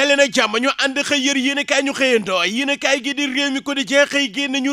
dalee nag jàmm ñu ñu xëyandoo yéen kaay gi di réew mi ko di jeex xëy génn ñu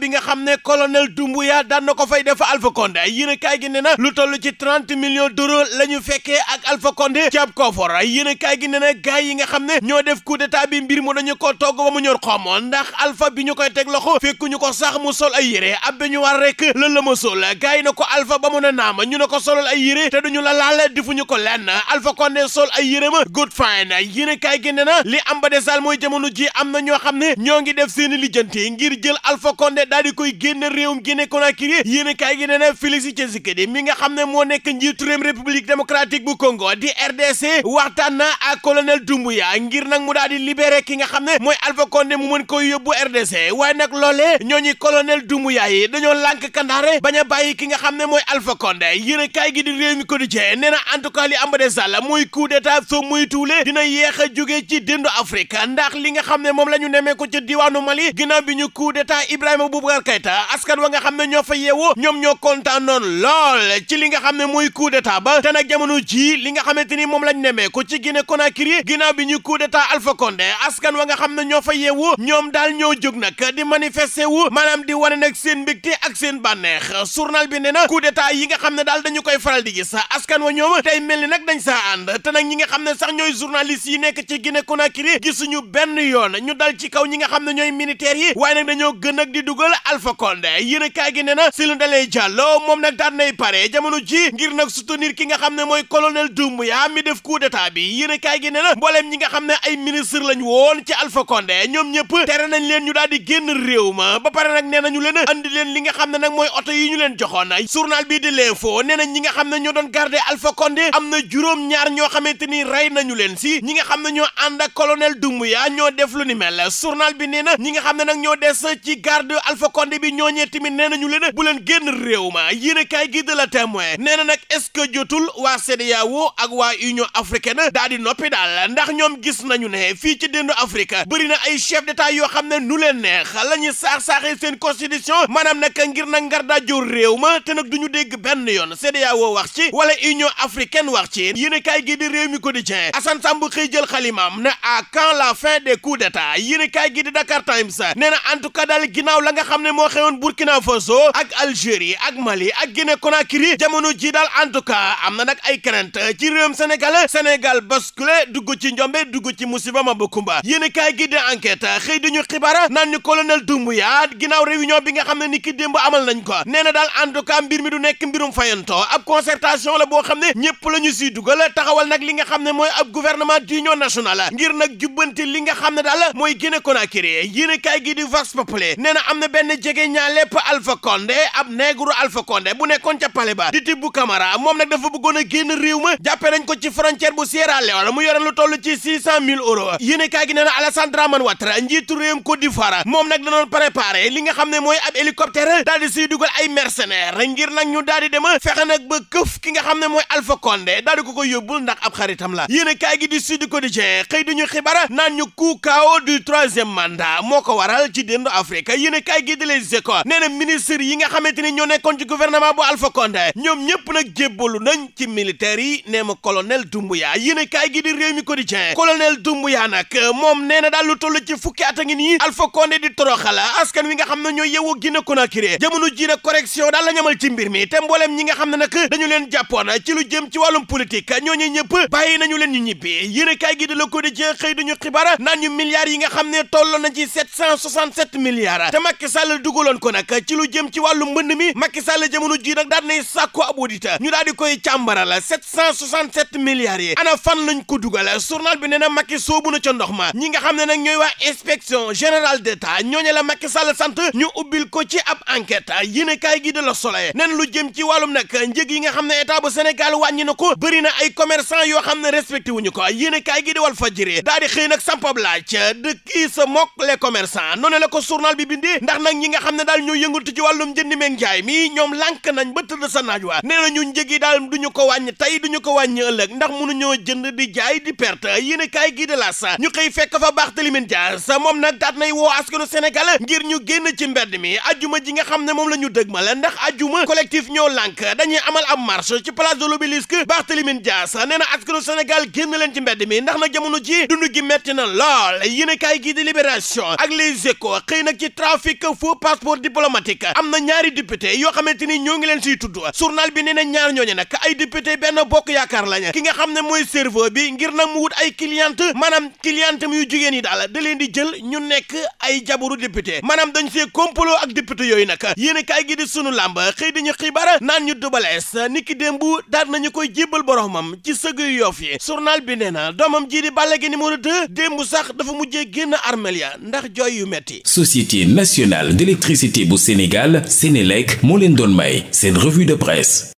bi nga xam ne colonel Doumbouya daan na ko fay def Alpha Condé yéen kaay gi ne na lu toll ci trente millions d'euros la ñu fekkee ak Alpha Condé ci ab kofor yéen kaay gi ne na gaay yi nga xam ne ñoo def coup bi mbir mu dañu ko togg ba mu ñor xomm ndax Alpha bi ñu koy teg loxo fekkuñu ko sax mu sol ay yére abbe ñu war rek lan la ma sol gaay yi na ko Alpha ba mun ne naam ñu ne ko solal ay yére te duñu la laal defuñu ko lenn Alpha Condé sol ay yérem good fine yéen kaay gi ne li am ba mooy jamono ji am na ñoo xam ne ñoo ngi def seen i lijjanti ngir jël Alpha Condé daal di koy génn réewum Guinée Conakry yéen kaay gi ne na Félix Tshisekedi mi nga xam ne moo nekk njiitu réewum République démocratique bu kongo di RDC waxtaan na ak colonel Doumbouya ngir nag mu daal di libéré ki nga xam ne mooy Alpha mu mën koy yóbbu RDC waaye nag loolee ñooñu colonel Doumbouya yi dañoo lànk kandaare bañ a bàyyi ki nga xam ne mooy Alpha Condé yéen kaay gi di réew mi nee en tout cas li am mooy coup d'état soo muy tuule dina yeex a jóge ci dëndu Afrique ndax li nga xam ne moom la ñu nemee ko ci diwaanu Mali ginnaaw bi ñu coup d'état Ibrahima Boubacar Keïta askan wa nga xam ne ñoo fa yeewu ñoom ñoo kontaan noonu lool ci li nga xam ne muy coup d'état ba te nag jamono ji li nga xamante ni moom lañ nemee ko ci Guinée Conakry ginnaaw bi ñu coup d'état Alpha Condé askan wa nga xam ne ñoo fa yeewu ñoom daal ñoo jóg nag di manifester wu maanaam di wane nag seen mbégte ak seen bànneex journal bi nee na coup yi nga xam ne daal dañu koy faral di gis askan wa ñoom tey mel ni nag dañ saa ànd te nag ñi nga xam ne sax ñooy journaliste yi nekk ci Guinée Conakry gisuñu benn yoon ñu dal ci kaw ñi nga xam ne ñooy militaires yi waaye nag dañoo gën nag di dugal Alpha Condé yéen a ne na si lu dalee jàllo moom nag daan nay pare jamono ji ngir nag soutenir ki nga xam ne mooy colonel Doumbouya mi def coup d'état bi yéen a kaay ne na mbooleem ñi nga xam ne ay ministre lañ woon ci Alpha Condé ñoom ñëpp tere nañ leen ñu daal di génn réew ma ba pare nag nee nañu leen andi leen li xam ne nag mooy oto yi ñu leen joxoon journal bii di l'info nee nañ ñi nga xam ne ñoo doon garder Alpha Condé am na juróom ñaar ñoo xamante nii rey nañu leen si ñi nga xam ne ñoo ànd ak colonel Doumbouya ñoo def lu ni mel journal bi nee na ñi nga xam ne nag ñoo des ci garde Alpha Condé bi ñooñee tamit nee nañu leen bu leen génn réew ma yéen a kaay gi de la témoin nee na nag est-ce que jotul waa CEDEAO ak waa Union africaine daa di noppi daal ndax ñoom gis nañu ne fii ci déndu Afrique bëri na ay chef d'état yoo xam ne nu leen neex la ñuy saax-saaxee seen constitution maanaam nag ngir na ngar réew ma te nag du ñu dégg benn yoon CEDEAO wax ci wala Union africaine wax ci yéen a kaay gi di réew mi quotidien Assane Samb xëy jël xalimaam ne à quand la fin des coups d'état yéen kaay gi di Dakar Times nee na en tout cas daal ginnaaw la nga xam ne moo xewoon Burkina Faso ak Algérie ak Mali ak Guinée Conakry jamono ji daal en tout cas am na nag ay crainte ci réewum Sénégal Sénégal basculé dugg ci njombe dugg ci musiba ma bokkumba yéen kaay gi di enquête xëy dañu xibaar naan ñu colonel ginaaw ginnaaw réunion bi nga xam ne ni ki démb amal nañ ko nee na daal en mbir mi du nekk mbirum fayanto ab concertation la boo xam ne ñëpp la ñu siy dugal taxawal nag li nga xam ne mooy ab gouvernement d'union nationale ngir nag jubbante li nga xam ne daal mooy Guinée Conakry yéen a kaay gi di Vox Populi nee na am na benn jege ñaa lépp Alpha Condé ab néegru Alpha Condé bu nekkoon ca palais ba di Tibou Camara moom nag dafa bëggoon a génn réew ma jàppee nañ ko ci frontière bu Sierra Leone mu yore lu toll ci six cent mille euros yéen a kaay gi nee na Alassane Dramane Ouattara njiitu réewum Côte d'Ivoire moom nag danoon préparé li nga xam ne mooy ab hélicoptère daal di ngir nag ñu daal di dem fexe nag ba këf ki nga xam ne mooy Alpha Condé daal ko ko yóbbul ndax ab xaritam la yéen a kaay gi di Sud Quotidien xëy duñu xibaar naan ñu coup chaos du troisième mandat moo ko waral ci déndu Afrique yéen a kaay gi di Les Échos nee na ministre yi nga xamante ni ñoo nekkoon ci gouvernement bu Alpha Condé ñoom ñëpp nag jébbalu nañ ci militaires yi nee ma colonel Doumbouya yéen a kaay gi di Rewmi Quotidien colonel Doumbouya nag moom nee na daal lu toll ci fukki at a ngi nii Alpha Condé di toroxala askan wi nga xam ne ñoo yeewoo Guinée Conakry jamono ji nag correction ci mbir mi te mbooleem ñi nga xam ne nag dañu leen jàppoon ci lu jëm ci wàllum politique ñooñu ñëpp ñëpp bàyyi nañu leen ñu ñibbi yéen a kaay gi de Le Quotidien xëy duñu xibaar ñu milliards yi nga xam ne toll na ci 767 milliards te Macky Sall dugaloon ko nag ci lu jëm ci wàllu mbënd mi Macky Sall jamono ji nag daal nay sàkku ab audit ñu daal di koy càmbara la 767 milliards yi ana fan lañ ko dugal journal bi nee na soobu na ca ndox ma ñi nga xam ne nag ñooy waa inspection générale d'État ñooñu la Macky Sall sant ñu ubbil ko ci ab enquête yéen a kaay gi de Le Soleil lu jëm ci wàllum nag njëg yi nga xam ne état bu Sénégal wàññi na ko bëri na ay commerçant agent yoo xam ne respecté wuñu ko yéene kaay gi di Walf bi bindee ndax nag xam ne daal ñoo yëngatu ci wàllum njënd meeg njaay mi ñoom lànk nañ ba tëdd sa naaj waa nee nañu njëg yi daal duñu ko wàññi tey duñu ko wàññi ëllëg ndax mënuñoo jënd di jaay di perte yéene kaay gi de la sa ñu xëy fekk fa baax Barthélémy Dias moom nag daat nay woo askanu Sénégal ngir ñu génn ci mbedd mi ajuma ji nga xam ne moom la ñu dëgmal ndax ajuma collectif ñoo lànk dañuy amal ab marche ci place de l'Obélisque Barthélémy Dias na askanu Sénégal génn leen ci mbedd mi ndax na jamono ji dund gi metti na lool yéen kaay gi di libération ak les échos xëy nag ci trafic faux passeport diplomatique am na ñaari député yoo xamante ni ñoo ngi leen siy tudd journal bi nee na ñaar ñooñu nag ay député benn bokk yaakaar lañ ki nga xam ne mooy cerveau bi ngir na mu wut ay cliente maanaam cliente yu jigéen yi daal da leen di jël ñu nekk ay jabaru député maanaam dañ see complot ak député yooyu nag yéen kaay gi di sunu làmb xëy di ñu xibaar naan ñu dubalees niki démb daal nañu koy jébbal boromam ci tëgg yu yoof bi nee na doomam ji di Balla Gaye numéro 2 démb sax dafa mujjee génn armel ya ndax jooy yu metti société nationale d'électricité bu Sénégal Sénélec moo leen doon may seen revue de presse